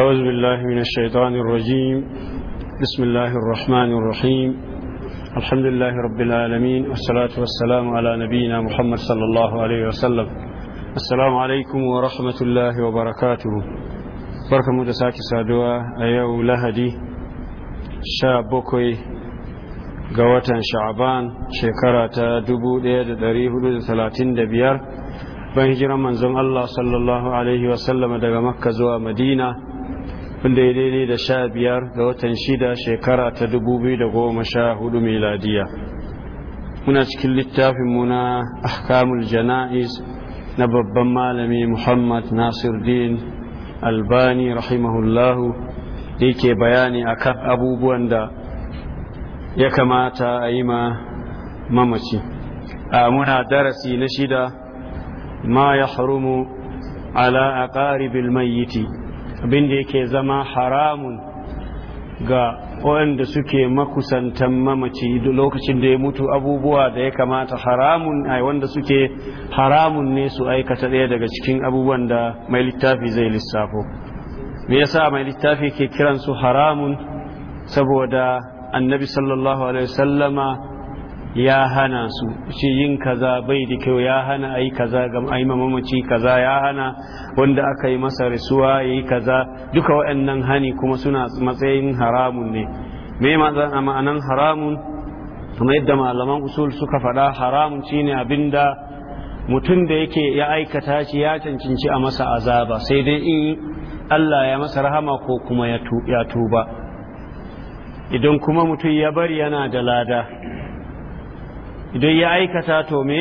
أعوذ بالله من الشيطان الرجيم بسم الله الرحمن الرحيم الحمد لله رب العالمين والصلاة والسلام على نبينا محمد صلى الله عليه وسلم السلام عليكم ورحمة الله وبركاته بركة مدساك سادوا أيو لهدي شابكوي قوة شعبان شكرة دبو ليد دريه ثلاثين دبيار bayan hijiran manzon Allah sallallahu alaihi wasallam daga makka zuwa madina wanda ya daidai da sha biyar ga watan shida shekara ta dubu biyu da goma sha hudu miladiya muna cikin littafin muna ahkamul jana'iz na babban malami muhammad din albani rahimahullahu da yake bayani akan abubuwan da ya kamata a yi ma mamaci a muna darasi na shida ma ya harumu ala aqaribil mayyiti abin da yake zama haramun ga waɗanda suke makusantan mamaci lokacin da ya mutu abubuwa da ya kamata haramun ai wanda suke haramun ne su aikata ɗaya daga cikin abubuwan da mai littafi zai lissafo me yasa mai littafi ke kiransu haramun saboda annabi sallallahu alaihi wasallama ya hana su shi yin kaza bai da kyau ya hana ayi kaza ga ayi mamaci kaza ya hana wanda aka yi masa risuwa yayi kaza duka waɗannan hani kuma suna matsayin haramun ne me ma'anan haramun kuma yadda malaman usul suka faɗa haramun shine da mutum da yake ya aikata shi ya cancanci a masa azaba sai dai in Allah ya masa rahama ko kuma ya tuba idan kuma mutum ya bari yana da lada idan ya aikata to me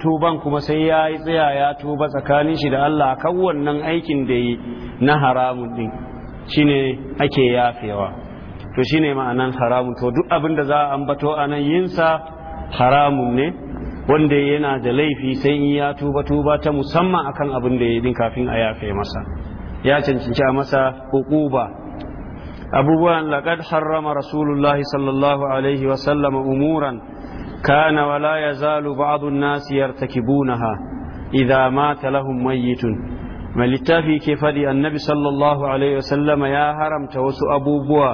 tuban kuma sai ya yi tsaya ya tuba tsakanin shi da Allah kan wannan aikin da yi na haramun din shine ake yafewa to shine ma'anan haramun to duk abin da za a ambato a nan yinsa haramun ne wanda yana da laifi sai in ya tuba tuba ta musamman akan abin da ya din kafin a yafe masa ya cancanci a masa hukuba abubuwan laqad harrama rasulullahi sallallahu alaihi wa sallama umuran كان ولا يزال بعض الناس يرتكبونها إذا مات لهم ميت mai littafi ke faɗi annabi sallallahu alaihi wasallama ya haramta wasu abubuwa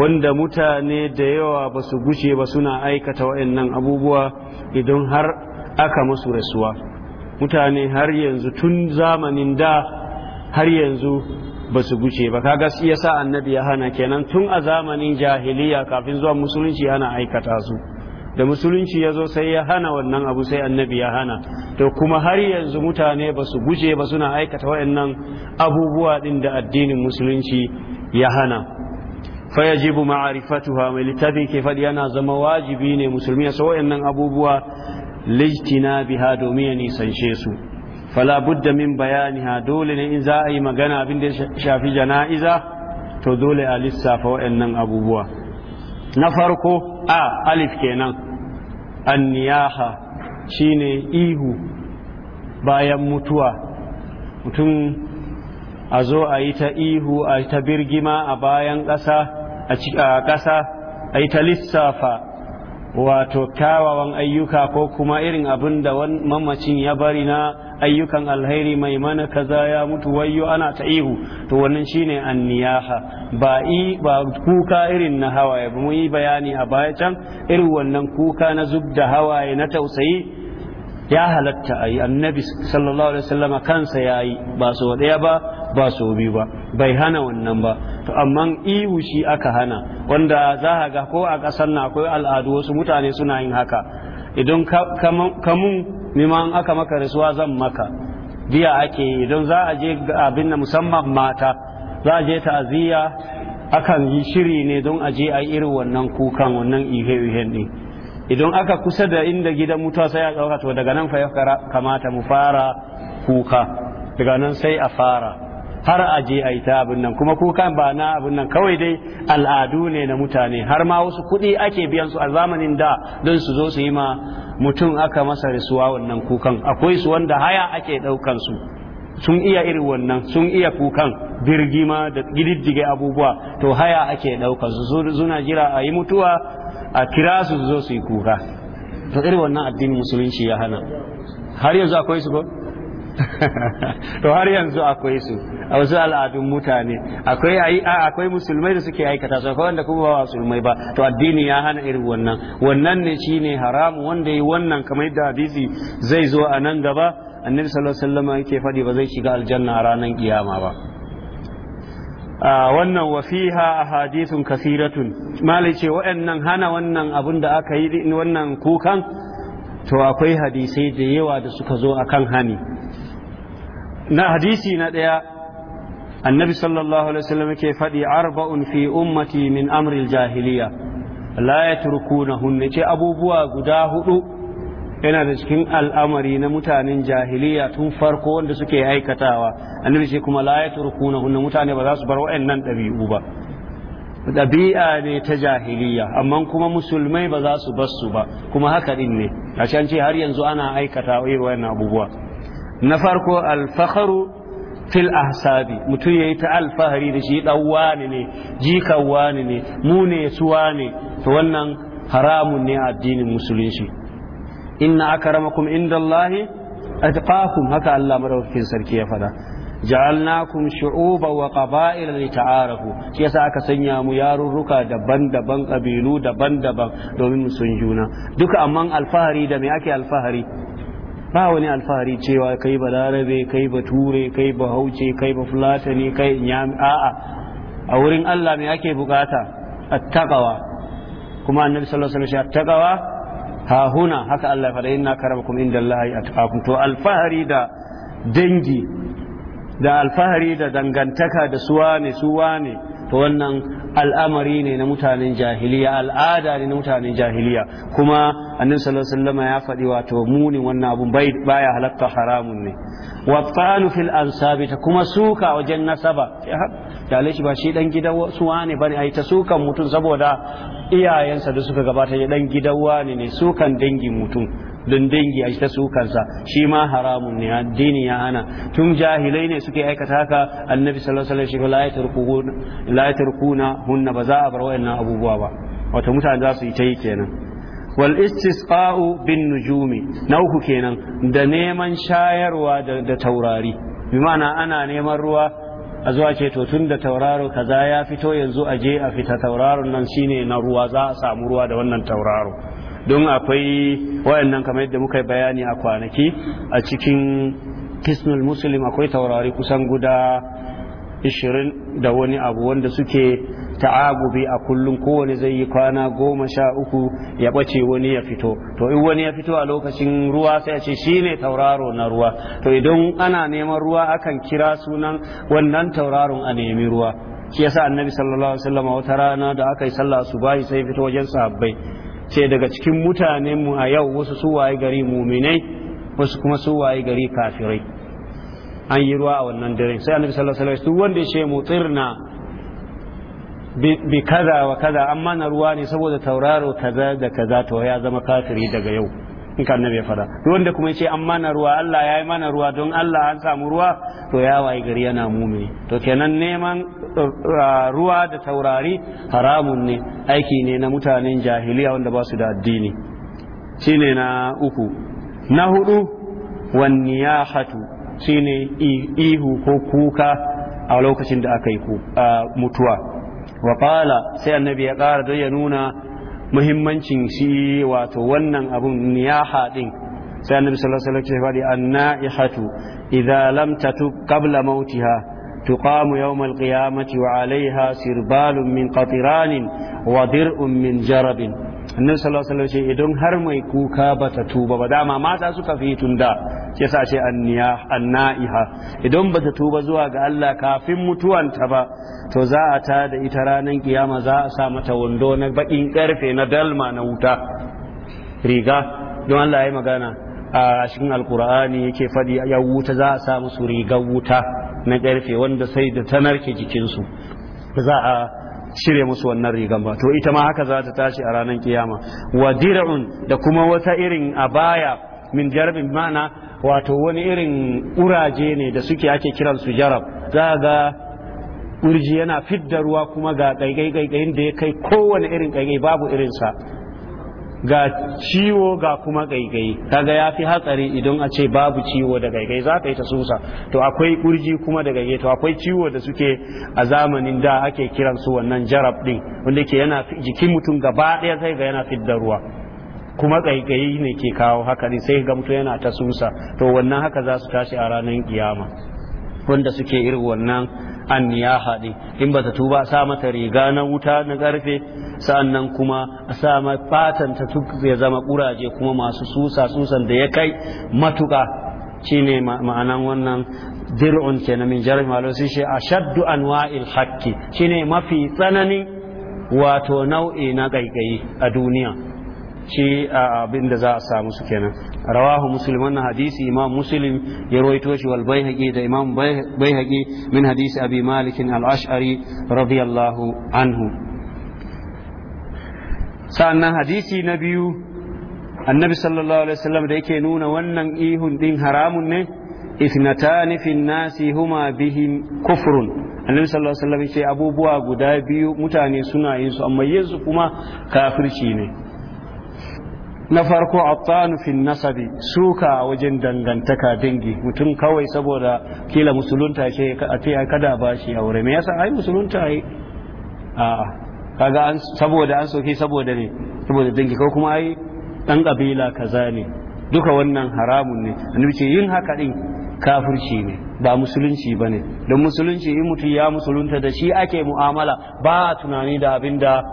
wanda mutane da yawa ba su gushe ba suna aikata waɗannan abubuwa idan har aka masu rasuwa mutane har yanzu tun zamanin da har yanzu ba su gushe ba kaga yasa annabi ya hana kenan tun a zamanin jahiliya kafin zuwa musulunci ana aikata su da musulunci ya zo sai ya hana wannan abu sai annabi ya hana to kuma har yanzu mutane ba su guje ba suna aikata waɗannan abubuwa din da addinin musulunci ya hana fayajibu ma'arifatuha mai littafin ke faɗi yana zama wajibi ne musulmi ya waɗannan abubuwa lijtina biha domin ya nisanshe su fala budda min bayaniha dole ne in za a yi magana abin da shafi jana'iza to dole a lissafa waɗannan abubuwa na farko a alif kenan anniyaha shine ihu bayan mutuwa mutum a zo a yi ta ihu a yi ta birgima a bayan ƙasa a ƙasa a yi ta lissafa wato kyawawan ayyuka ko kuma irin abin da mamacin ya bari na ayyukan alheri mai mana kaza ya mutu wayyo ana ta ihu to wannan shine anniyaha ba i ba kuka irin na hawaye ba mun yi bayani a baya can irin wannan kuka na zub da hawaye na tausayi ya halatta Ayi annabi sallallahu alaihi wasallama kansa yayi yi ba so daya ba ba so biyu ba bai hana wannan ba to amma ihu shi aka hana wanda za a ga ko a kasar na akwai al'adu wasu mutane suna yin haka idan kamun nima an aka maka rasuwa zan maka biya ake yi don za a je abin na musamman mata za a je ta'aziyya akan yi shiri ne don a je a irin wannan kukan wannan ihe-ihen ne idan aka kusa da inda gidan mutuwa sai a ɗauka to daga nan fa ya kamata mu fara kuka daga nan sai a fara har a je a yi ta abin nan kuma kukan ba na abin nan kawai dai al'adu ne na mutane har ma wasu kuɗi ake biyan su a zamanin da don su zo su yi ma mutum aka masa risuwa wannan kukan akwai su wanda haya ake ɗaukan su sun iya irin wannan sun iya kukan birgima da gididdige abubuwa to haya ake ɗaukan su suna jira a yi mutuwa a kira su zo su yi kuka to irin wannan addinin musulunci ya hana har yanzu akwai su ba to har yanzu akwai su a wasu al'adun mutane akwai akwai musulmai da suke aikata su akwai wanda kuma ba musulmai ba to addini ya hana irin wannan wannan ne shine haramu wanda yi wannan kamar yadda hadisi zai zo a nan gaba annabi sallallahu alaihi wasallam yake faɗi ba zai shiga aljanna a ranar kiyama ba wannan wafiha a hadithun kasiratun malai ce hana wannan abun da aka yi wannan kukan to akwai hadisai da yawa da suka zo a kan hani na hadisi na ɗaya annabi sallallahu alaihi wasallam yake faɗi arba'un fi ummati min amril jahiliya la hunne. ce abubuwa guda hudu yana da cikin al'amari na mutanen jahiliya tun farko wanda suke aikatawa annabi ce kuma la hunne mutane ba za su bar waɗannan ɗabi'u ba ɗabi'a ne ta jahiliya amma kuma musulmai ba za su bar su ba kuma haka din ne a ce har yanzu ana aikata irin abubuwa na farko alfaharu fil ahsabi mutum ya yi ta alfahari da shi ɗan wani ne jikan wani ne mu ne su to wannan haramun ne addinin musulunci inna akramakum indallahi atqakum haka Allah madaukakin sarki ya faɗa ja'alnakum Shu'uba wa da ta'arafu shi yasa aka sanya mu yarurruka daban-daban kabilu daban-daban domin mu sun juna duka amman alfahari da me ake alfahari ba wani alfahari cewa kai ba larabe kai ba ture kai ba hauce kai ba fulatani kai nyami a'a a wurin Allah me ake bukata attaqawa kuma annabi sallallahu alaihi wasallam attaqawa ha huna haka Allah ya faɗa inna karamakum indallahi atqakum to alfahari da dangi da alfahari da dangantaka da suwa ne suwa ne to wannan al'amari ne na mutanen jahiliya al'ada ne na mutanen jahiliya kuma annin sallallahu alaihi ya faɗi wato muni wannan abun bai baya halatta haramun ne wa tsanu fil ansabi ta kuma suka wajen nasaba Da shi ba shi dan gidan su wane bane ai ta sukan mutum saboda iyayensa da suka gabata ya dan gidan wane ne sukan dangin mutum don dangi a ta sukansa shi ma haramun ne addini ya hana tun jahilai ne suke aikata haka annabi sallallahu alaihi wasallam shi la yatrukuna hunna ba za a bar wayannan abubuwa ba wato mutane za su yi ta yi kenan wal istisqa'u bin nujumi na uku kenan da neman shayarwa da taurari bi ma'ana ana neman ruwa a zuwa ce to tun da tauraro kaza ya fito yanzu a je a fita tauraron nan shine na ruwa za a samu ruwa da wannan tauraro don akwai wayannan kamar yadda muka bayani a kwanaki a cikin kisnul muslim akwai taurari kusan guda ishirin da wani abu wanda suke ta'agubi a kullum kowane zai yi kwana goma sha uku ya ɓace wani ya fito to in wani ya fito a lokacin ruwa sai a ce shi ne tauraro na ruwa to idan ana neman ruwa akan kira sunan wannan tauraron a nemi ruwa shi yasa annabi sallallahu alaihi wasallam wata rana da aka yi sallah bayi sai fito wajen sahabbai ce daga cikin mutanenmu a yau wasu su gari muminai wasu kuma su gari kafirai an yi ruwa a wannan dare sai annabi sallallahu alaihi wasallam wanda ya ce mutirna bi kaza wa kaza amma na ruwa ne saboda tauraro kaza da kaza to ya zama kafiri daga yau in ka annabi ya fada wanda kuma ce an mana ruwa Allah ya yi mana ruwa don Allah an samu ruwa to ya wayi gari yana mumini to kenan neman uh, ruwa da taurari haramun ne aiki ne na mutanen jahiliya wanda ba su da addini shine na uku na hudu ya hatu? shine ihu ko kuka a lokacin da aka yi uh, mutuwa wa sai annabi ya kara don ya nuna muhimmancin shi wato wannan abun niyaha din sai annabi sallallahu alaihi wasallam ya faɗi na'ihatu idza lam tatu qabla mautiha تقام يوم القيامة وعليها سربال من قطران ودرء من جرب annabi sallallahu alaihi wasallam ce idan har mai kuka ba ta tuba ba dama mata suka fi tun da sai sa ce annaiha idan ba ta tuba zuwa ga Allah kafin mutuwanta ba to za a ta da ita ranar kiyama za a sa mata wando na bakin karfe na dalma na wuta riga don Allah ya yi magana a cikin alkur'ani yake faɗi ya wuta za a sa musu rigar wuta na ƙarfe wanda sai da ta narke jikinsu za a shirya musu wannan rigan ba to ita ma haka za ta tashi a ranar kiyama wa dir'un da kuma wata irin abaya min jarbin ma'ana wato wani irin uraje ne da suke ake kiran su jarab za ga urji yana fidda ruwa kuma ga kaikai da ya kai kowane irin kaikai babu irinsa ga ciwo ga kuma gaigai kaga ya fi hatsari idan a ce babu ciwo da gaigai za ka yi ta susa to akwai ƙurji kuma da gaigai to akwai ciwo da suke a zamanin da ake kiran su wannan jarab din wanda ke yana jikin mutum gaba ɗaya sai ga yana fidda ruwa kuma gaigai ne ke kawo haka ne sai ga mutum yana ta susa to wannan haka za su tashi a ranar kiyama wanda suke irin wannan an niyaha in ba ta tuba sa mata riga na wuta na ƙarfe sa'annan kuma a sa fatan ta ya zama ƙuraje kuma masu susa susan da ya kai matuƙa. shine ma'anan wannan dir'un kenan min jarri malo shaddu shi wa'il anwa'il haqqi shine mafi tsanani wato nau'i na ƙaiƙayi a duniya shi abin da za a samu su kenan rawahu muslim wannan hadisi imam muslim ya rawaito shi wal baihaqi da imam baihaqi min hadisi abi malik al ash'ari radiyallahu anhu sa'annan hadisi na biyu annabi sallallahu alaihi wasallam da yake nuna wannan ihun din haramun ne ithnatan fi nasi huma bihim kufrun annabi sallallahu alaihi wasallam ya ce abubuwa guda biyu mutane suna yin su amma yanzu kuma kafirci ne na farko attanu fi nasabi suka a wajen dangantaka dangi mutum kawai saboda kila musulunta ce a ce kada ba shi aure me yasa ai musulunta ai a kaga an saboda an soke saboda ne saboda dangi ko kuma ai dan kabila kaza ne duka wannan haramun ne annabi ce yin haka din kafirci ne ba musulunci ba ne don musulunci in mutum ya musulunta da shi ake mu'amala ba tunani da abin da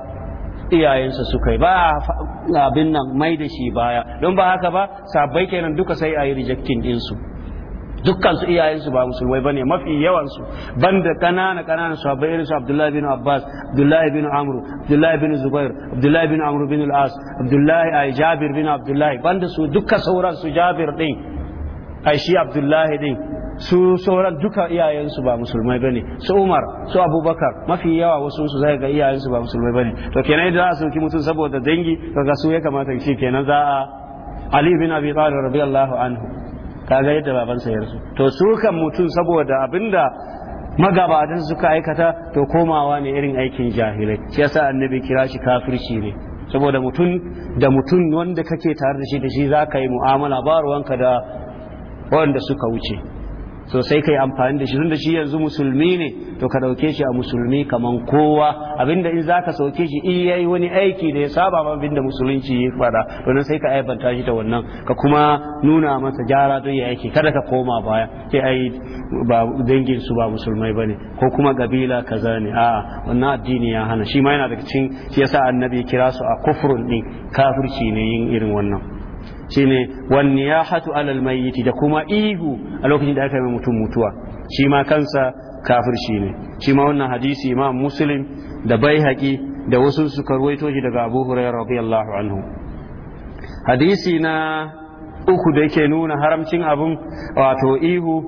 iyayensa suka yi ba abin nan mai da shi baya don ba haka ba sabai kenan duka sai a yi rejectin dinsu dukkan su iyayensu ba musulmai bane mafi yawan su banda kanana kanana sahabbai irin su Abdullahi bin Abbas Abdullahi bin Amr Abdullahi bin Zubair Abdullahi bin Amr bin Al-As Abdullahi ai Jabir bin Abdullahi banda su duka sauran su Jabir din ai shi Abdullahi din su sauran duka iyayensu ba musulmai bane su Umar su Abubakar mafi yawa wasu su zai ga iyayensu ba musulmai bane to kenan idan za a soki mutum saboda dangi kaga su ya kamata shi kenan za a Ali bin Abi Talib radiyallahu anhu kaga yadda babansa ya rasu to su kan mutum saboda abinda magabatan suka aikata to komawa ne irin aikin jahilai shi yasa annabi kira shi kafirci ne saboda mutum da mutum wanda kake tare da shi da shi za ka yi mu'amala ba ruwanka da wanda suka wuce so sai kai amfani da shi tunda shi yanzu musulmi ne to ka dauke shi a musulmi kaman kowa abinda in zaka sauke shi in yayi wani aiki da ya saba ma abinda musulunci ya fara to sai ka aibanta shi da wannan ka kuma nuna masa jara don ya aiki kada ka koma baya sai ai ba dangin su ba musulmai bane ko kuma kabila kaza ne a wannan addini ya hana shi ma yana daga cikin shi yasa annabi kira su a kufrun din kafirci ne yin irin wannan shine ya hatu alal mayyit da kuma ihu a lokacin da aka yi mutum mutuwa shi ma kansa kafirci ne shi ma wannan hadisi imam muslim da baihaqi da wasu su ruwaito shi daga abu hurairah radiyallahu anhu hadisi na uku da yake nuna haramcin abin wato ihu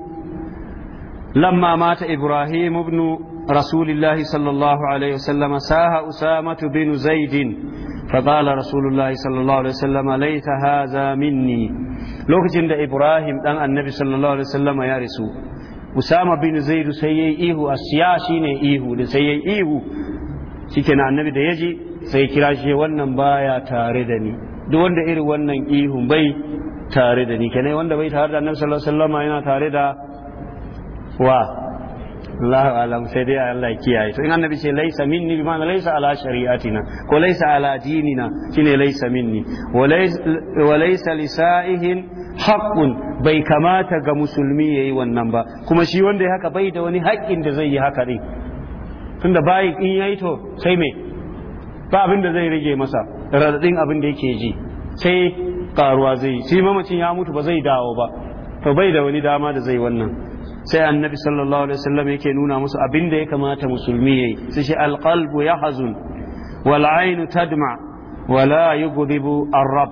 lamma mata ibrahim ibn رسول sallallahu alaihi الله عليه وسلم ساها أسامة فقال رسول الله صلى الله عليه وسلم ليت هذا مني لوكجين da Ibrahim dan Annabi sallallahu alaihi wasallam ya rasu. Usama bin Zaid sai yayi ihu asiya shine ihu da sai ihu cikin na Annabi da yaji sai kira shi wannan baya tare da ni duk wanda irin wannan ihu bai tare da ni kenai wanda bai tare da Annabi sallallahu alaihi wasallam yana tare da wa Allahu alam sai dai Allah ya kiyaye to in annabi ce laisa minni bi ma'ana laisa ala shari'atina ko laisa ala dinina shine laisa minni wa laisa li sa'ihin haqqun bai kamata ga musulmi yayi wannan ba kuma shi wanda ya haka bai da wani haƙƙin da zai yi haka din tunda bai in yayi to sai me ba abin da zai rage masa radadin abin da yake ji sai karuwa zai shi mamacin ya mutu ba zai dawo ba to bai da wani dama da zai wannan sai annabi sallallahu alaihi wasallam yake nuna musu abin da ya kamata musulmi yayi sai shi alqalbu yahzun wal ainu tadma wala yughdibu ar-rabb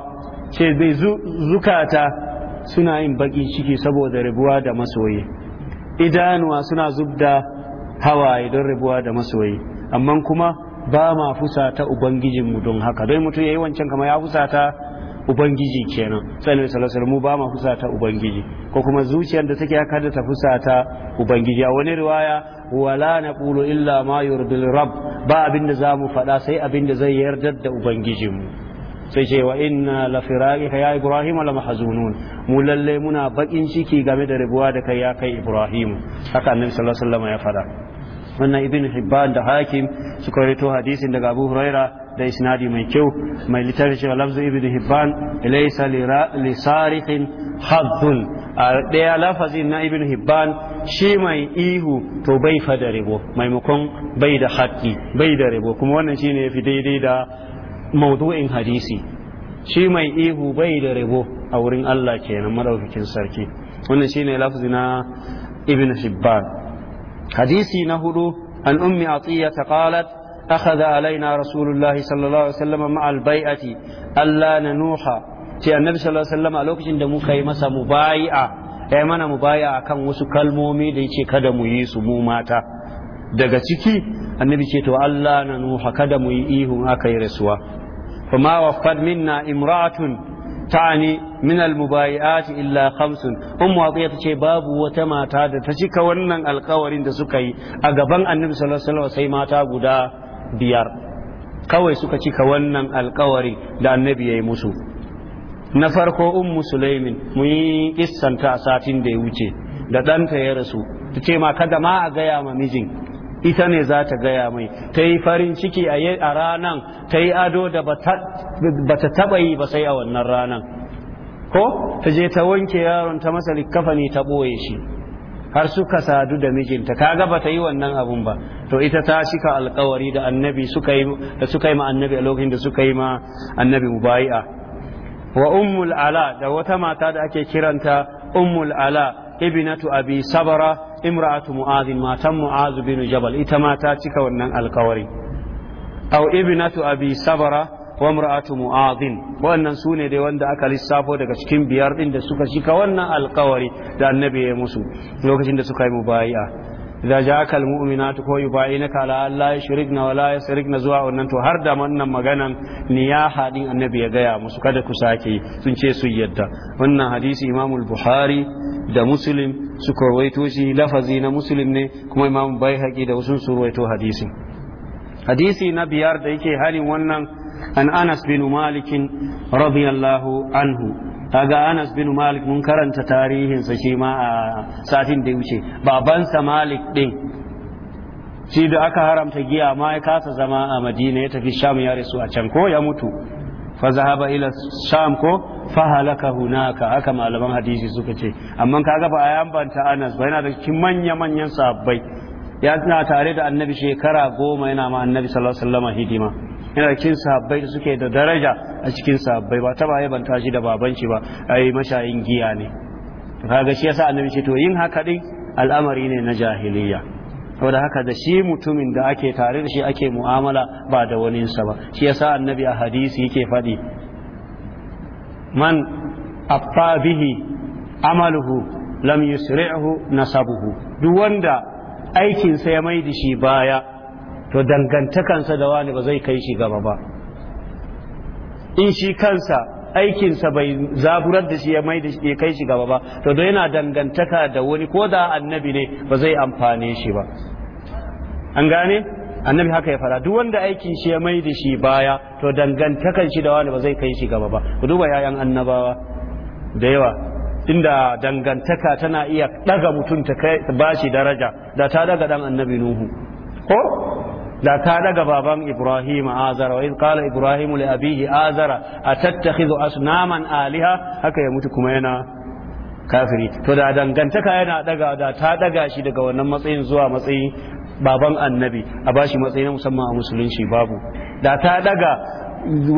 ce bai zukata suna yin baki ciki saboda rabuwa da masoyi idanuwa suna zubda hawaye don rabuwa da masoyi amma kuma ba ma fusata ubangijinmu don haka don mutum yayi wancan kamar ya fusata ubangiji kenan sai annabi sallallahu mu ba ma fusata ubangiji ko kuma zuciyar da take haka da ta fusata ubangiji a wani riwaya wala naqulu illa ma yurdil rabb ba abin da zamu faɗa sai abin da zai yarda da ubangijin mu sai ce wa inna la firaqi ya ibrahim la mahzunun mu lalle muna bakin ciki game da rabuwa da kai ya kai ibrahim haka annabi sallallahu alaihi wasallam ya faɗa wannan ibn hibban da hakim suka rito hadisin daga abu huraira da isnadi mai kyau mai littafi cewa lafzu ibn hibban laysa li sarifin a daya lafazin na ibn hibban shi mai ihu to bai fa da ribo maimakon bai da haƙƙi bai da ribo kuma wannan shine yafi daidai da maudu'in hadisi shi mai ihu bai da ribo a wurin Allah kenan madaukakin sarki wannan shine lafzi na ibn hibban hadisi na hudu an ummi atiya ta qalat أخذ علينا رسول الله صلى الله عليه وسلم مع البيعة ألا ننوح sai annabi a lokacin da muka yi masa mubayi'a ya mana mubayi'a akan wasu kalmomi da yace kada mu yi su mu daga ciki annabi ce to Allah na nuha kada mu yi ihun aka yi rasuwa fama wafad minna imra'atun ta'ani min almubayi'at illa khamsun ummu atiya ce babu wata mata da ta cika wannan alkawarin da suka yi a gaban annabi sallallahu alaihi wasallam sai mata guda biyar kawai suka cika wannan alkawari da annabi ya yi musu na farko un musulaimin mun yi kissanta a satin da ya wuce da ɗanta ya rasu ta ce ma kada ma a gaya ma mijin ita ne za ta gaya mai ta yi farin ciki a ranan ta yi ado da ba ta taɓa yi ba sai a wannan ranan ko ta je ta wanke yaron ta masa likkafa ne ta ɓoye shi har suka sadu da mijinta kaga ba ta yi wannan abun ba to ita ta shika alkawari da annabi suka yi da suka yi ma annabi a lokacin da suka yi ma annabi mubai'a wa ummul ala da wata mata da ake kiranta ummul ala ibnatu abi sabara imra'atu mu'adhin matan mu'adh bin jabal ita ma ta cika wannan alkawari aw ibnatu abi sabara wa imra'atu mu'adhin wannan sune dai wanda aka lissafo daga cikin biyar din da suka shika wannan alkawari da annabi ya musu lokacin da suka yi mubayi'a idza ja'aka almu'minatu ko yubayyinaka ala alla yushrikna wa la yusrikna zuwa wannan to har da wannan maganan niyaha haɗin annabi ya gaya musu kada ku sake sun ce su yadda wannan hadisi imamu Buhari bukhari da muslim su rawaito shi lafazi na muslim ne kuma imamu Baihaki da wasu su rawaito hadisi hadisi na biyar da yake halin wannan an anas bin Malikin radiyallahu anhu kaga Anas bin Malik mun karanta tarihinsa shi ma a satin da wuce babansa Malik din shi da aka haramta giya ma ya kasa zama a Madina ya tafi Sham ya rasu a can ko ya mutu fa zahaba ila Sham ko fa halaka hunaka haka malaman hadisi suka ce amma kaga ba a yambanta Anas ba yana da cikin manya manyan sahabbai ya tare da annabi shekara goma yana ma annabi sallallahu alaihi wasallam hidima yana cikin sahabbai da suke da daraja a cikin sahabbai ba ta taba yabanta shi da baban shi ba ai mashayin giya ne kaga shi yasa annabi ce to yin haka din al'amari ne na jahiliya saboda haka da shi mutumin da ake tare da shi ake mu'amala ba da waninsa ba shi yasa annabi a hadisi yake faɗi man afa bihi amaluhu lam yusri'hu nasabuhu duk wanda aikinsa ya mai da shi baya to dangantakansa da wani ba zai kai shi gaba ba in shi kansa aikinsa bai zaburar da shi ya mai da shi kai shi gaba ba to da yana dangantaka da wani ko da annabi ne ba zai amfane shi ba an gane annabi haka ya fara duk wanda aikin shi ya mai da shi baya to dangantakan shi da wani ba zai kai shi gaba ba ku duba yayan annabawa da yawa inda dangantaka tana iya daga mutum ta ba shi daraja da ta daga dan annabi nuhu ko da ka daga baban Ibrahim azara wa qala Ibrahim li abihi azara atattakhidhu asnaman aliha haka ya mutu kuma yana kafiri to da dangantaka yana daga da ta daga shi daga wannan matsayin zuwa matsayin baban annabi a bashi matsayi na musamman a musulunci babu da ta daga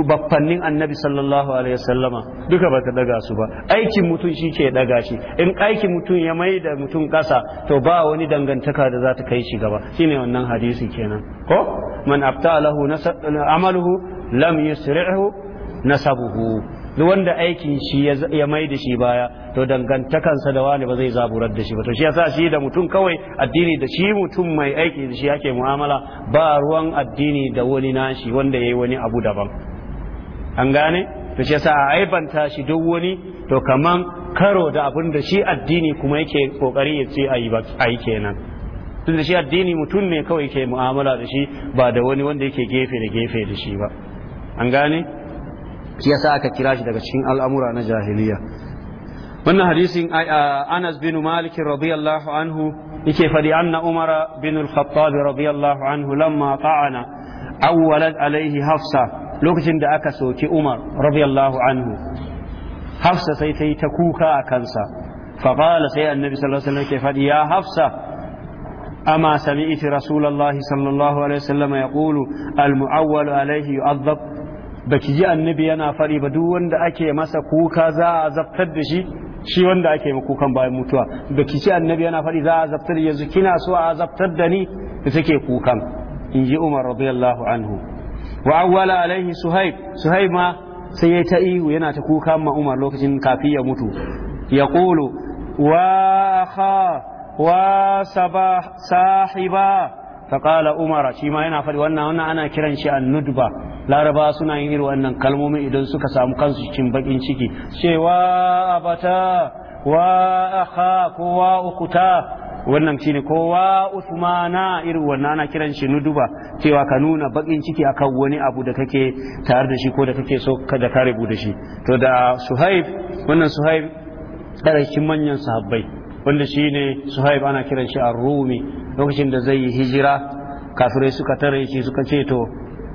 baffannin annabi sallallahu alaihi wasallama duka ba ta daga su ba aikin mutum shi ke daga shi in aikin mutum ya mai da mutum kasa to ba wani dangantaka da za ta kai shi gaba shine wannan hadisi kenan ko man abta lahu amaluhu lam yusri'hu nasabuhu duk wanda aikin shi ya mai da shi baya to dangantakansa da wani ba zai zaburar da shi ba to shi yasa shi da mutum kawai addini da shi mutum mai aiki da shi yake mu'amala ba ruwan addini da wani nashi wanda yayi wani abu daban an gane to shi yasa a aibanta shi duk wani to kaman karo da abin da shi addini kuma yake kokari ya ce ayi kenan tun da shi addini mutum ne kawai ke mu'amala da shi ba da wani wanda yake gefe da gefe da shi ba an gane shi yasa aka kira shi daga cikin al'amura na jahiliya wannan hadisin Anas bin Malik radiyallahu anhu yake fadi anna Umar bin al-Khattab radiyallahu anhu lamma ta'ana awwalat alaihi Hafsa lokacin da aka soki Umar radiyallahu anhu Hafsa sai ta yi ta kuka a kansa faqala sai annabi sallallahu alaihi wasallam ke fadi ya Hafsa أما سمعت رسول الله صلى الله عليه وسلم يقول المعول عليه يؤذب baki ji annabi yana fari ba duk wanda ake masa kuka za a zaftar da shi shi wanda ake kukan bayan mutuwa baki ji annabi yana fari za a zaftar yanzu kina so a zaftar da ni da take kukan in ji umar radiyallahu anhu wa awwala alaihi suhaib suhaib ma sai ya ta ihu yana ta kuka ma umar lokacin kafi ya mutu ya kulu wa kha wa sahiba فقال umara shima yana faɗi wannan wannan ana kiran shi an nudba laraba suna yin irin wannan kalmomi idan suka samu kansu cikin bakin ciki cewa abata wa akha ko wa ukuta wannan shine ko wa usmana irin wannan ana kiran shi nuduba cewa ka nuna bakin ciki akan wani abu da kake tare da shi ko da kake so da ka rubu da shi to da suhaib wannan suhaib daga cikin manyan sahabbai wanda shi su suhaib ana kiran shi a rumi lokacin da zai yi hijira kafirai suka tare shi suka ce to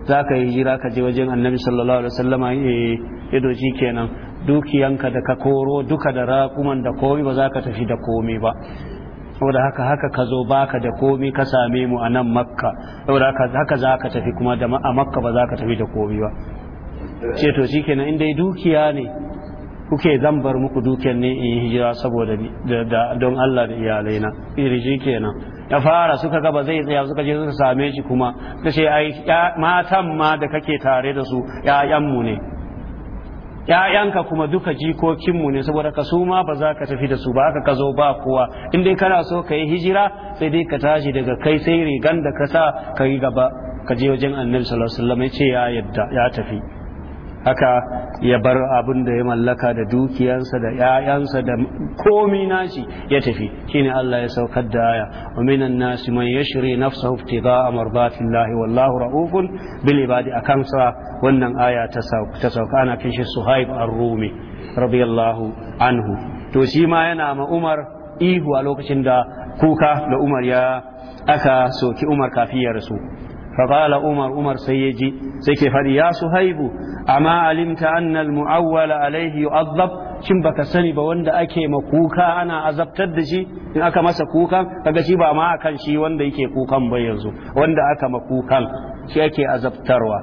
za ka yi hijira ka je wajen annabi sallallahu alaihi wasallama eh, eh, idoji kenan dukiyanka da ka koro duka da raƙuman da komi ba za ka tafi da komi ba saboda haka haka ka zo baka da komi ka same mu a nan makka saboda haka za ka tafi kuma da a makka ba za ka tafi da komi ba eh. ce to shi kenan inda dukiya ne kuke zan bar muku dukiyar ne in yi hijira saboda don Allah da iyalaina irji kenan ya fara suka gaba zai tsaya suka je suka same shi kuma ta ce ai matan ma da kake tare da su ƴaƴanmu ne ƴaƴanka kuma duka jikokinmu ne saboda ka su ma ba za ka tafi da su ba ka zo ba kowa in dai kana so ka yi hijira sai dai ka tashi daga kai sai rigan da ka sa ka yi gaba ka je wajen annabi sallallahu alaihi wasallam ya ce ya yadda ya tafi haka ya bar abin da ya mallaka da dukiyarsa da ‘ya'yansa da komi nashi ya tafi shine Allah ya saukar da aya aminan minan nasi man yashri nafsahu ibtiga mardatillahi wallahu ra'ufun bil ibadi akan sa wannan aya ta sauka ana kin shi Suhaib ar-Rumi radiyallahu anhu to shi ma yana ma Umar ihu a lokacin da kuka da Umar ya aka soki Umar kafiyar su فقال عمر عمر سيجي سيكي فدي يا صهيب أما علمت أن المعول عليه يؤذب shin baka sani ba wanda ake ma kuka ana azabtar da shi in aka masa kukan kaga shi ba ma akan shi wanda yake kukan ba yanzu wanda aka ma kukan shi ake azabtarwa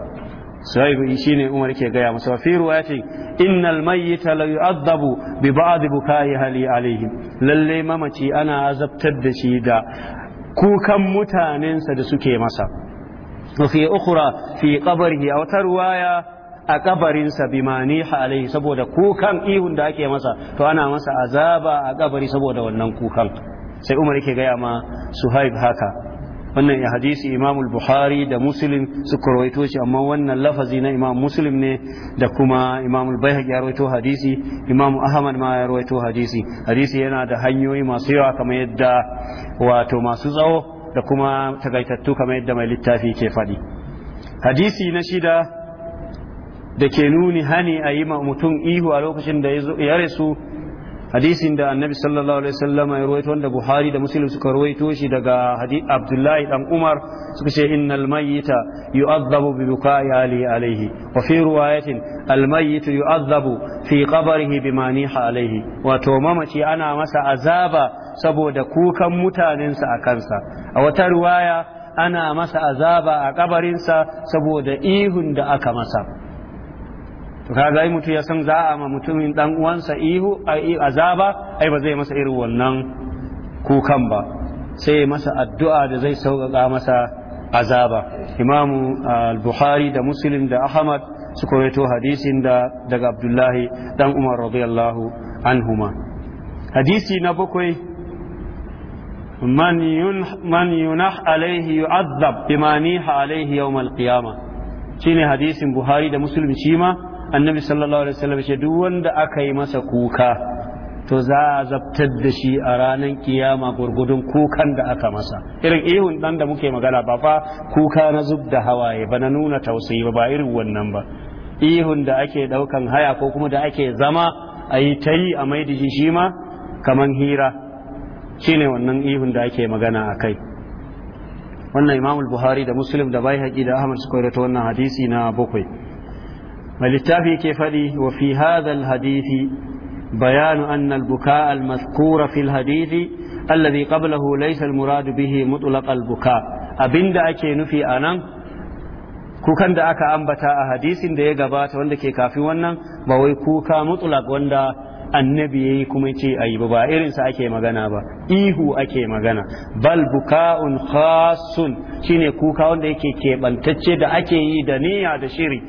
sai shi ne Umar ke gaya masa fi ruwayati innal mayyita la yu'adhabu bi ba'd bukai hali alaihim lalle mamaci ana azabtar da shi da kukan mutanensa da suke masa وفي أخرى في قبره أو ترواية a kabarinsa bi maniha alaihi saboda kukan ihun da ake masa to ana masa azaba a kabari saboda wannan kukan sai umar yake gaya ma suhaib haka wannan ya hadisi imam bukhari da muslim su rawaito shi amma wannan lafazi na imam muslim ne da kuma imam al bayhaqi ya rawaito hadisi imam ahmad ma ya rawaito hadisi hadisi yana da hanyoyi masu yawa kamar yadda wato masu tsawo da kuma tagaitattu kamar yadda mai littafi ke faɗi hadisi na shida da ke nuni hani a yi ma mutum ihu a lokacin da ya rasu hadisin da annabi sallallahu alaihi wasallam ya rawaito wanda buhari da muslim suka rawaito shi daga abdullahi dan umar suka ce innal mayyita yu'adhabu bi bukai ali alaihi wa fi riwayatin al mayyitu yu'adhabu fi qabrihi bima niha alaihi wato mamaci ana masa azaba saboda kukan mutanensa a kansa a wata ruwaya ana masa azaba a kabarinsa saboda ihun da aka masa to kaga yi mutu ya san za a ma mutumin dan uwansa ihu azaba ai ba zai masa irin wannan kukan ba sai masa addu'a da zai sauƙaƙa masa azaba imamu ah, al-bukhari da muslim da ahmad suka wato hadisin da daga abdullahi dan umar radiyallahu anhuma hadisi na bakwai man yunah alaihi yu'adhab bima niha alaihi shine hadisin buhari da muslim shi ma annabi sallallahu alaihi wasallam ce duk wanda aka yi masa kuka to za a zabtar da shi a ranar kiyama gurgudun kukan da aka masa irin ihun dan da muke magana ba fa kuka na zub da hawaye ba na nuna tausayi ba irin wannan ba ihun da ake daukan haya ko kuma da ake zama a yi ta yi a maidiji shi ma kaman hira shine wannan ihun da ake magana a kai wannan imamul buhari da muslim da bai haƙi da ahmad suka rawaito wannan hadisi na bakwai mai littafi ke faɗi wa fi hadal hadisi bayanu anna al-buka al-mazkura fil hadisi alladhi qablahu laysa al-muradu bihi mutlaq buka abinda ake nufi anan kukan da aka ambata a hadisin da ya gabata wanda ke kafin wannan ba kuka mutlaq wanda annabi yayi kuma ce ayi ba ba irin sa ake magana ba ihu ake magana bal buka'un khasun shine kuka wanda yake keɓantacce da ake yi da niyya da shiri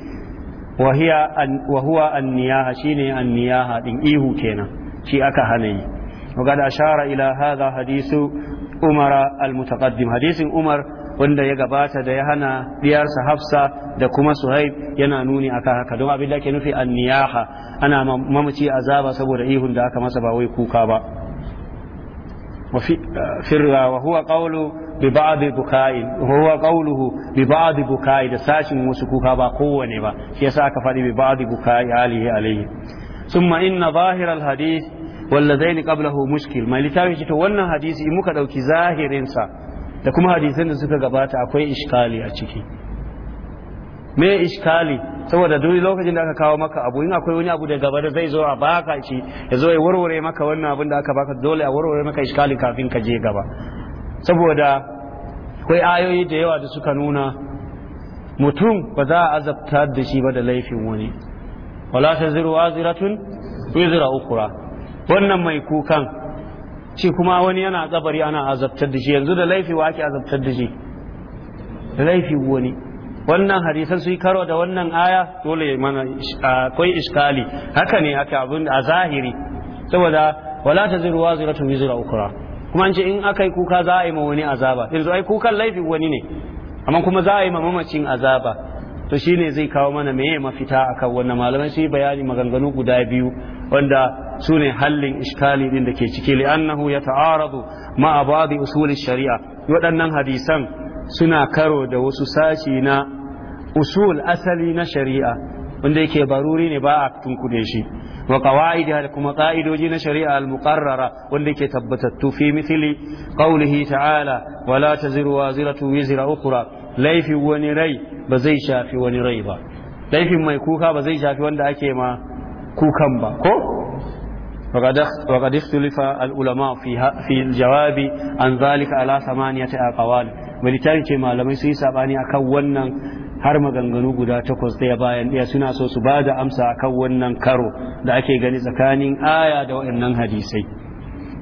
wa huwa anniyaha shine anniyaha din ihu kenan shi aka hana yi ashara أشار إلى hadisu umara al mutaqaddim hadisin Umar. wanda ya gabata da ya hana diyarsa hafsa da kuma suhaib yana nuni akan haka don abin da ke nufi anniyaha ana mamaci azaba saboda ihun da aka masa ba wai kuka ba firra wa huwa qawlu bi ba'd bukai huwa qawluhu bi ba'd bukai da sashin wasu kuka ba kowane ba shi yasa aka faɗi bi ba'd bukai alihi alayhi thumma inna zahir al hadith walladaini qablahu mushkil mai littafi to wannan hadisi in muka dauki zahirin sa da kuma hadisan da suka gabata akwai iskali a ciki me iskali saboda duk lokacin da aka kawo maka abu in akwai wani abu da gaba da zai zo a baka shi ya zo ya warware maka wannan abin da aka baka dole a warware maka iskali kafin ka je gaba saboda akwai ayoyi da yawa da suka nuna mutum ba za a azabta da shi ba da laifin wani wala ziru aziratun wizra ukura wannan mai kukan ce kuma wani yana tsabari ana azabtar da shi yanzu da laifi wa ake azabtar da shi da laifi wani wannan hadisan su yi karo da wannan aya dole mana akwai iskali haka ne haka abin a zahiri saboda wala ta ziru wa tun wizra ukura kuma an ce in aka yi kuka za a yi ma wani azaba yanzu ai kukan laifi wani ne amma kuma za a yi ma mamacin azaba to shine zai kawo mana meye mafita akan wannan malamai su bayani maganganu guda biyu wanda su ne hallin iskali din da ke ciki li'annahu ya ta'aradu ma a babi usulin shari'a waɗannan hadisan suna karo da wasu sashi na usul asali na shari'a wanda yake baruri ne ba a tunkuɗe shi wa qawaid da kuma ka'idoji na shari'a al-muqarrara wanda yake tabbatattu fi mithli qawlihi ta'ala wala taziru waziratu wizra ukhra laifin wani rai ba zai shafi wani rai ba laifin mai kuka ba zai shafi wanda ake ma kukan ba ko وقد اختلف العلماء في في الجواب عن ذلك على ثمانية wani. ولتالي ce malamai sun yi sabani akan wannan har maganganu guda takwas daya bayan daya suna so su ba da amsa akan wannan karo da ake gani tsakanin aya da waɗannan hadisai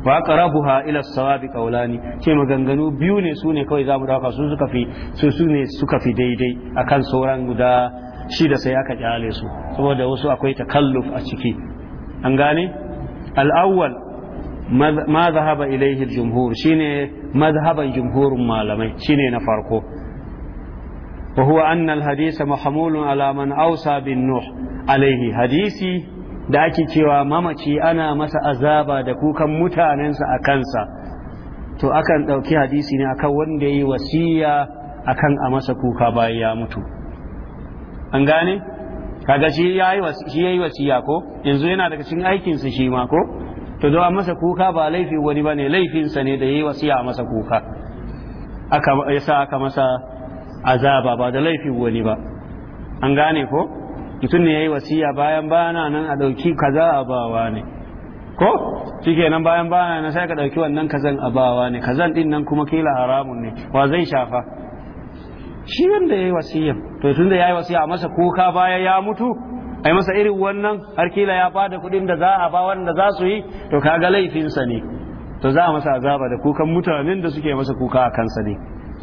wa aqrabuha ila as-sawabi qawlani ce maganganu biyu ne su ne kawai zamu dauka su suka fi su su ne suka fi daidai akan sauran guda shida sai aka kyale su saboda wasu akwai takalluf a ciki an gane al-awwal ma zahaba ilaihi al-jumhur shine mazhaban jumhurin malamai shine na farko وهو أن hadisa محمول alaman ausa bin nuh alaihi hadisi. da ake cewa mamaci ana masa azaba da kukan mutanensa a kansa to akan ɗauki hadisi ne akan wanda ya yi wasiya akan a masa kuka bayan ya mutu an gane kaga shi ya yi wasiya ko yanzu yana daga cikin aikinsa shi ma ko to don a masa kuka ba laifin wani ba ne laifinsa ne da ya yi wasiya a masa kuka aka yasa aka masa azaba ba da laifin wani ba an gane ko mutum ne ya yi wasiya bayan bana nan a dauki kaza a bawa ne ko nan bayan bana nan sai ka dauki wannan kazan a bawa ne kazan din nan kuma kila haramun ne wa zai shafa shi wanda yi wasiya to da ya yi wasiya a masa kuka baya ya mutu ai masa irin wannan har kila ya bada kuɗin da za a ba wanda za su yi to kaga laifinsa ne to za a masa azaba da kukan mutanen da suke masa kuka a kansa ne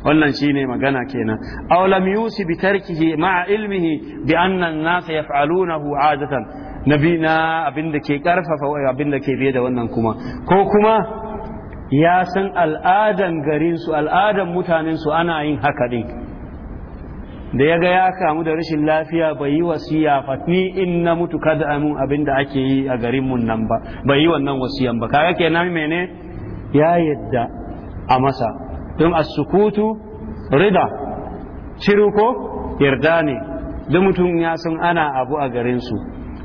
wannan shine magana kenan aw lam yusi bi tarkihi ma'a ilmihi bi anna an-nas yaf'alunahu adatan nabina abinda ke karfafa abinda ke biye da wannan kuma ko kuma ya san al'adan garin su al'adan mutanen su ana yin haka din da ya ga ya kamu da rashin lafiya bai yi wasiya fa ni in na mutu kada amin abin da ake yi a garin mun nan ba bai yi wannan wasiyan ba kaga kenan mene ya yadda a masa don a sukutu rida shiru ko yarda ne don mutum ya san ana abu a garinsu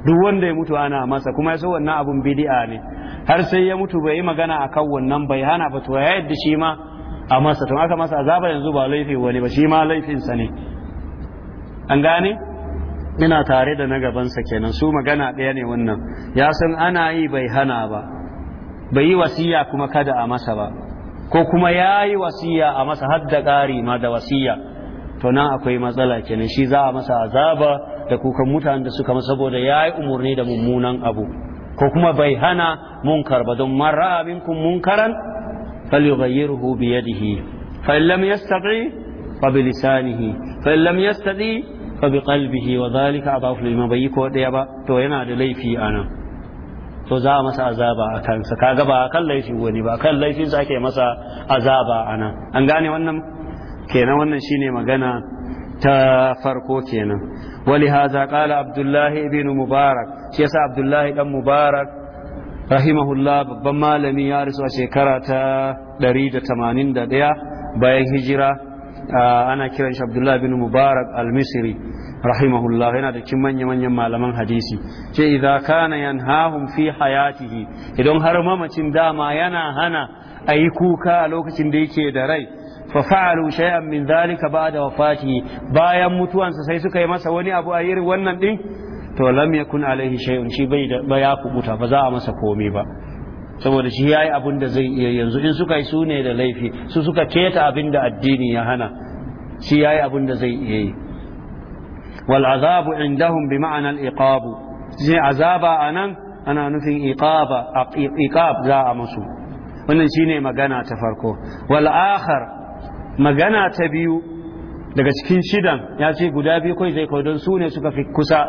duk wanda ya mutu ana masa kuma ya san wannan abun bidi'a ne har sai ya mutu bai yi magana a kan wannan bai hana ba to ya yadda shi ma a masa tun aka masa azaba yanzu ba laifin wani ba shi ma laifinsa ne an gane ina tare da na gabansa kenan su magana ɗaya ne wannan ya san ana yi bai hana ba bai yi wasiya kuma kada a masa ba ko kuma ya yi wasiya a masa hadda ƙari ma da wasiya to nan akwai matsala kenan shi za a masa azaba da kukan mutanen da suka masa saboda ya yi umarni da mummunan abu ko kuma bai hana munkar ba don man ra'a minkum munkaran falyughayyirhu bi yadihi fa in lam yastati fa bi lisanihi fa in lam yastati fa bi qalbihi wa dhalika adhafu liman bayyi ko daya ba to yana da laifi anan to za a masa azaba a kansa kaga ba kan laifin wani ba kan laifin sa ake masa azaba a nan. an gane wannan kenan wannan shine magana ta farko kenan wali haza qala abdullahi ibn mubarak shi yasa abdullahi dan mubarak rahimahullah babban malami ya rasu a shekara ta 181 bayan hijira ana kiran shi Abdullah bin Mubarak al-Misri rahimahullah yana da cikin manya manyan malaman hadisi ce idza kana yanhahum fi hayatihi idan har mamacin dama yana hana ayi kuka a lokacin da yake da rai fa fa'alu shay'an min dhalika ba'da wafatihi bayan mutuwansa sai suka yi masa wani abu a irin wannan din to lam yakun alaihi shay'un shi bai ya kubuta ba za a masa komai ba saboda shi yayi abin da zai iya yanzu in suka yi su ne da laifi su suka keta abin da addini ya hana shi yayi abin da zai iya yi wal azabu indahum bi ma'ana al iqab a nan ana nufin iqaba iqab za a musu wannan shine magana ta farko wal magana ta biyu daga cikin shidan ya ce guda biyu kai zai kawo don su ne suka fi kusa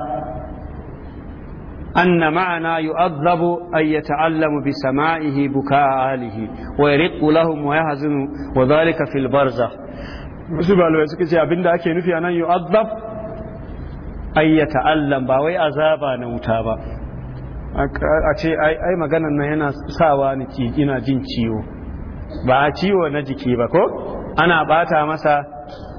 أن معنا يؤذب أن يتعلم بسمائه بكاء آله ويرق لهم ويحزن وذلك في البرزة wasu balawai suka ce abinda ake nufi a nan yi azab ayyata allan ba wai azaba na wuta ba a ce ai maganan nan yana sawa ni ina jin ciwo ba a ciwo na jiki ba ko ana bata masa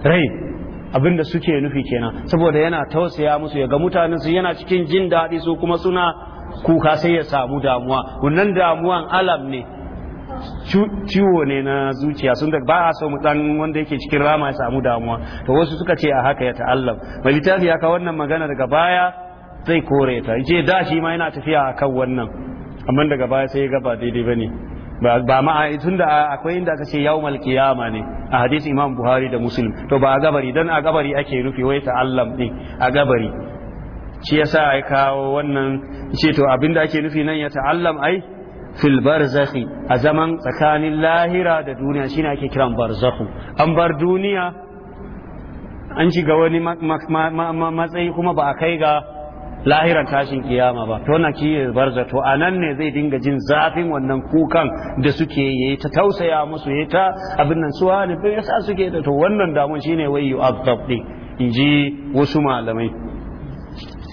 rai abin da suke nufi kenan saboda yana tausaya musu ya ga mutanen su yana cikin jin daɗi su kuma suna kuka sai ya samu damuwa wannan damuwan alam ne ciwo ne na zuciya sun da ba a so mu dan wanda yake cikin rama ya samu damuwa to wasu suka ce a haka ya ta'allam mai littafi ya ka wannan magana daga baya zai kore ta ce da shi ma yana tafiya akan wannan amma daga baya sai ya gaba daidai bane ba ma tun da akwai inda aka ce yau alkiyama ne a hadisi imam buhari da muslim to ba a gabari don a gabari ake nufi wai ta'allam ne a gabari shi sa ai kawo wannan ce to abinda ake nufi nan ya ta'allam ai fil barzakhi a zaman tsakanin lahira da duniya shine ake kiran barzakhu an bar duniya an shiga wani matsayi kuma ba a kai ga lahiran tashin kiyama ba to wannan kiyi barza to anan ne zai dinga jin zafin wannan kukan da suke yi ta tausaya musu yi ta abin nan suwa ne yasa suke da to wannan damun shine wai yu'azzab din inji wasu malamai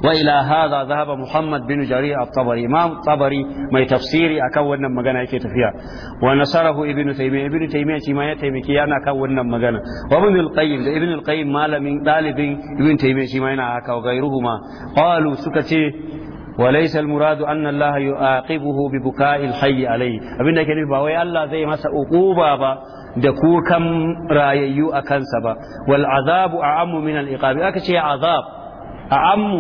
وإلى هذا ذهب محمد بن جرير الطبري إمام الطبري ما تفسيري أكون مجانا يكي تفيا ونصره ابن تيمية ابن تيمية ما يتيمي أنا أكون مجانا وابن القيم ابن القيم مال من طالب ابن تيمية ما ينعاك وغيرهما قالوا سكتي وليس المراد أن الله يعاقبه ببكاء الحي عليه أبن لك نبا وي الله زي مسا أقوبة با دكوكا رايو أكنسبا والعذاب أعم من الإقاب أكشي عذاب أعم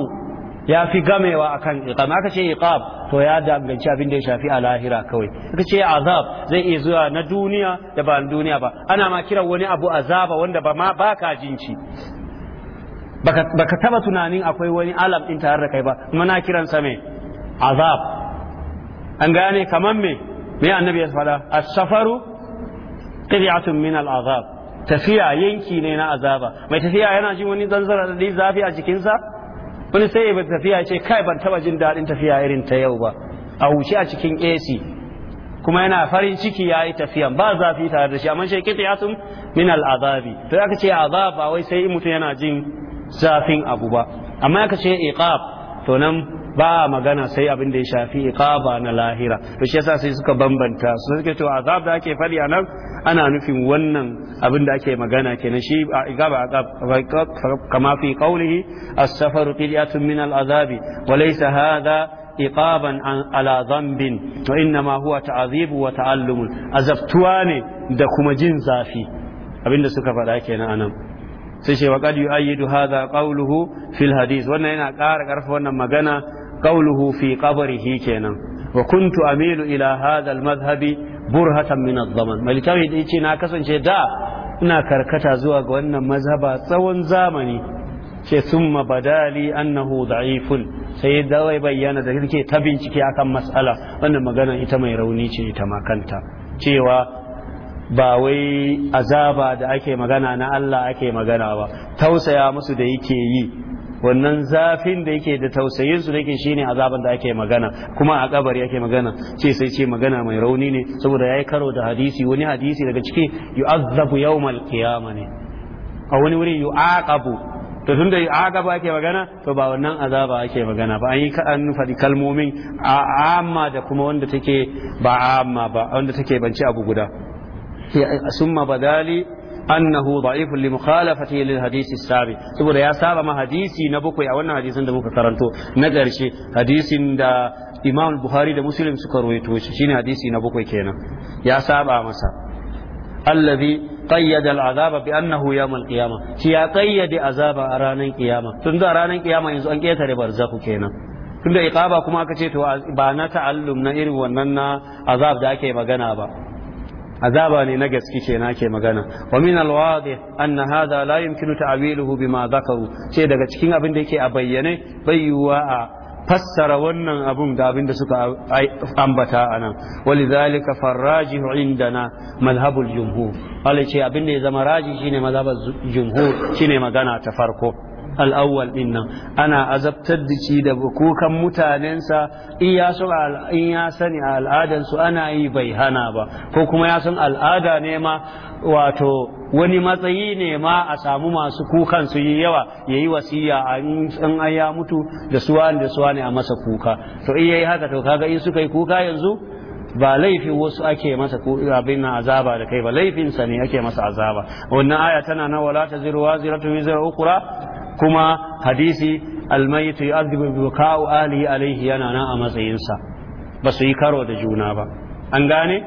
ya fi gamewa akan iqam aka ce iqab to ya danganci abin da ya shafi a lahira kawai aka ce azab zai iya zuwa na duniya da ba na duniya ba ana ma kiran wani abu azaba wanda ba ma baka jinci baka taba tunanin akwai wani alam din tare da kai ba muna kiran sa me azab an gane kaman me me annabi ya faɗa as-safaru min al-azab tafiya yanki ne na azaba mai tafiya yana jin wani zanzara da zafi a jikinsa wani sai ba tafiya ce kai ban taba jin daɗin tafiya irin ta yau ba a wuce a cikin AC kuma yana farin ciki ya yi tafiyan ba zafi tare da shi amma shi kita yasun min al'azabi to aka ce azab ba wai sai mutum yana jin zafin abu ba amma aka ce iqab to nan ba magana sai abin da ya shafi iqaba na lahira to shi yasa sai suka bambanta su suke to azab da ake fadi anan ana nufin wannan abin da ake magana kenan shi iqaba kama fi qawlihi as-safaru qilyatun min al-azabi wa laysa hadha iqaban ala dhanbin to innama huwa ta'dhibu wa ta'allum azabtuwa ne da kuma jin zafi abinda suka faɗa kenan anan sai ce wa kad yu'ayyidu hadha qawluhu fil hadith wannan yana ƙara ƙarfa wannan magana qawluhu fi qabrihi kenan wa kuntu amilu ila hadha al-madhhabi burhatan min az-zaman malikawi dai ce na kasance da ina karkata zuwa ga wannan mazhaba tsawon zamani ce summa badali annahu da'ifun sai dawai bayyana da kike ta bincike akan mas'ala wannan magana ita mai rauni ce ita ma kanta cewa ba wai azaba da ake magana na Allah ake magana ba tausaya musu da yake yi wannan zafin da yake da tausayin su yake shine azaban da ake magana kuma a kabari ake magana ce sai ce magana mai rauni ne saboda yayi karo da hadisi wani hadisi daga ciki yu'azzabu yawmal qiyamah ne a wani wuri yu'aqabu to tunda yu'aqabu ake magana to ba wannan azaba ake magana ba an yi an faɗi kalmomin amma da kuma wanda take ba amma ba wanda take banci abu guda summa badali annahu da'ifun li mukhalafati lil hadisi sabi saboda ya saba ma hadisi na bakwai a wannan hadisin da muka karanto na ƙarshe hadisin da Imam Buhari da Muslim suka rawaito shi shine hadisi na bakwai kenan ya saba masa allazi qayyada al-azaba bi annahu al qiyamah shi ya qayyade azaba a ranar kiyama tun da ranar kiyama yanzu an ketare barzaku kenan tunda iqaba kuma aka ce to ba na ta'allum na irin wannan na azab da ake magana ba azaba ne na gaske na ke magana wa min alwadi anna hadha la yumkinu ta'wiluhu bima zakaru ce daga cikin abin da yake a bayyane bayyuwa a fassara wannan abun da abin da suka ambata a nan walidhalika farraji indana madhhabul jumhur wale ce abin da ya zama raji shine mazhabar jumhur shine magana ta farko al'awwal ɗin nan ana azabtar da shi da kukan mutanensa in ya in ya sani a al'adansu ana yi bai hana ba ko kuma ya san al'ada ne ma wato wani matsayi ne ma a samu masu kukan su yi yawa ya yi wasiya an an ya mutu da suwa da suwa ne a masa kuka to in yi haka to kaga in suka yi kuka yanzu ba laifin wasu ake masa abin na azaba da kai ba laifinsa ne ake masa azaba wannan aya tana na wala taziru waziratu wizra ukura. kuma hadisi almaitu yu'adhibu buka'u ahlihi alaihi yana nan a matsayinsa ba su yi karo da juna ba an gane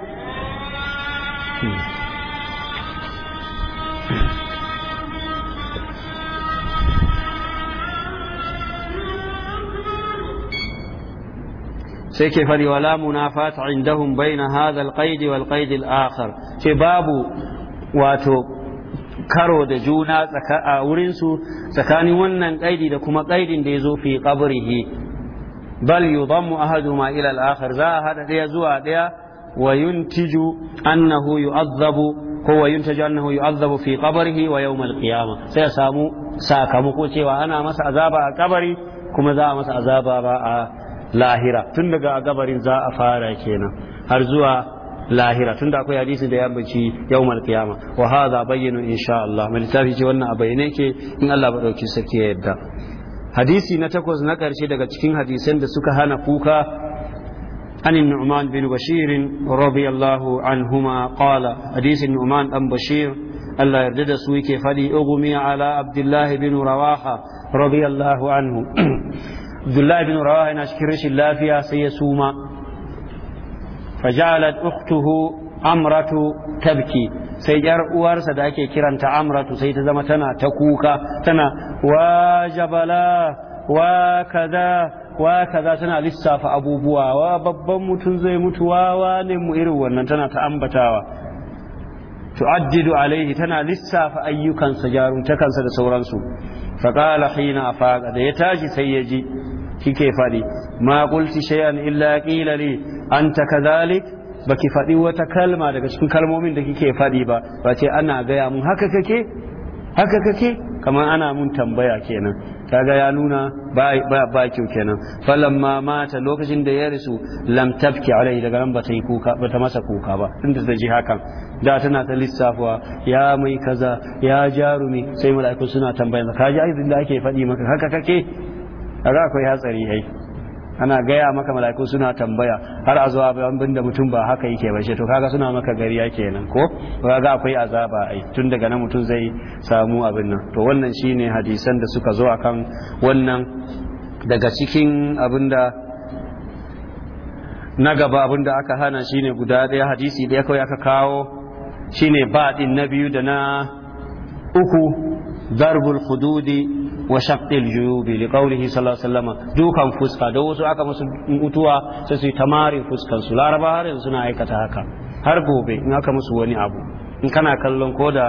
sai ke fari wala munafat indahum bayna hadha alqaid wal qaid al akhar ce babu wato karo da juna a wurinsu tsakanin wannan ƙaidi da kuma ƙaidin da ya zo fi qabrihi bal yudammu ahaduma ila al-akhar za a hada ɗaya zuwa ɗaya wa yuntiju annahu yu'adhabu ko wa yuntaju annahu yu'adhabu fi qabrihi wa yau al sai a samu sakamako cewa ana masa azaba a kabari kuma za a masa azaba ba a lahira tun daga a gabarin za a fara kenan har zuwa lahira tun da akwai hadisi da ya baci yawmal qiyama wa hadha bayyinu insha Allah mai littafi ce wannan a bayyane ke in Allah ba dauki sake yadda hadisi na takwas na karshe daga cikin hadisan da suka hana kuka عن النعمان بن بشير رضي الله عنهما قال حديث النعمان بن بشير الله يرجد سويك فلي أغمي على عبد الله بن رواحة رضي الله عنه عبد الله بن رواحة lafiya الله فيها سيسوما fajalat uktuhu amratu tabki sai yar uwarsa da ake kiranta amratu sai ta zama tana ta kuka tana wa jabala wa kaza wa kaza tana lissafa abubuwa wa babban mutum zai mutu wa ne mu irin wannan tana ta ambatawa tu'addidu alaihi tana lissafa ayyukansa jarumtakansa da sauransu faqala hina afaqa da ya tashi sai ya ji kike fadi ma qulti shay'an illa qila li anta kazalik baki faɗi wata kalma daga cikin kalmomin da kike faɗi ba ba ce ana gaya mun haka kake haka kake kamar ana mun tambaya kenan kaga ya nuna ba ba kyau kenan falamma mata lokacin da ya risu lam tabki alai daga nan bata yi kuka bata masa kuka ba tunda ta ji hakan da tana ta lissafuwa ya mai kaza ya jarumi sai mala'iku suna tambayan ka ji da ake faɗi maka haka kake kaga akwai hatsari ai ana gaya maka mala'iku suna tambaya har a zuwa abin da mutum ba haka yake ba to kaga suna maka gari ya ke nan ko kaga akwai azaba ai tun daga nan mutum zai samu abin nan to wannan shine hadisan da suka zo kan wannan daga cikin abin da na gaba abin da aka hana shine guda ɗaya hadisi ɗaya kawai aka kawo shine baɗin na biyu da na uku darbul hududi wa shaqqil juyubi li qawlihi sallallahu alaihi wasallam dukan fuska da wasu aka musu mutuwa sai su tamarin fuskan su laraba har yanzu suna aikata haka har gobe in aka musu wani abu in kana kallon ko da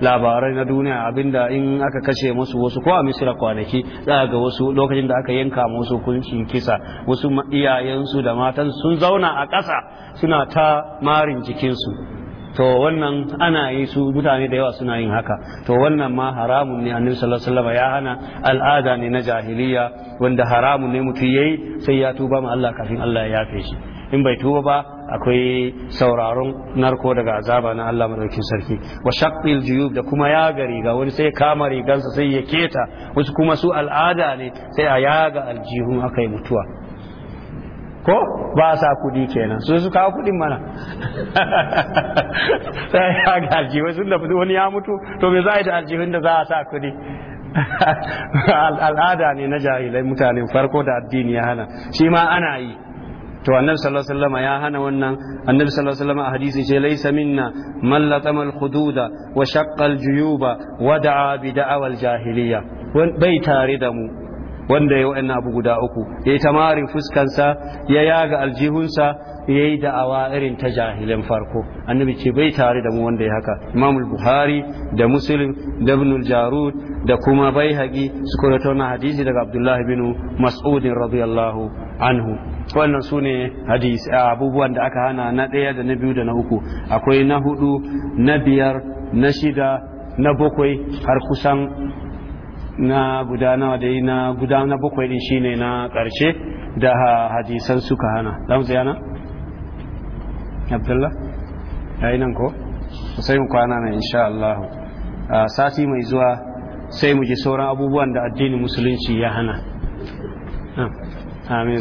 labarai na duniya abinda in aka kashe musu wasu ko a misira kwanaki za ga wasu lokacin da aka yanka musu kunci kisa wasu iyayensu da matan sun zauna a ƙasa suna ta marin jikinsu to wannan ana yi su mutane da yawa suna yin haka to wannan ma haramun ne annabi sallallahu alaihi wasallam ya hana al'ada ne na jahiliya wanda haramun ne mutum yayi sai ya tuba ma Allah kafin Allah ya yafe shi in bai tuba ba akwai sauraron narko daga azaba na Allah madaukin sarki wa shaqqil juyub da kuma ya yaga riga wani sai kama rigansa sai ya keta wasu kuma su al'ada ne sai a yaga aljihun akai mutuwa ko ba sa kuɗi kenan su su kawo kuɗin mana sai ya gaji aljihun sun da wani ya mutu to me za a yi da aljihun da za a sa kuɗi al'ada ne na jahilai mutane farko da addini ya hana shi ma ana yi to annabi sallallahu alaihi wasallam ya hana wannan annabi sallallahu alaihi wasallam a hadisi ce laysa minna man latama al khududa wa shaqqa al-juyuba wa da'a bi da'awa al-jahiliya bai tare da mu wanda ya wa'in abu guda uku ya yi tamarin fuskansa ya yaga aljihunsa ya yi da'awa irin ta jahilin farko annabi ce bai tare da mu wanda ya haka imam buhari da muslim da ibn jarud da kuma bai haƙi su kuma tauna hadisi daga abdullahi bin mas'udin radiyallahu anhu wannan su ne hadisi abubuwan da aka hana na ɗaya da na biyu da na uku akwai na hudu na biyar na shida na bakwai har kusan na guda nawa dai na guda na bakwai din shine na karshe da hadisan suka hana dan ziyana Abdullahi? yayi nan ko sai mu kwana na insha Allah sati mai zuwa sai mu ji sauran abubuwan da addinin musulunci ya hana amin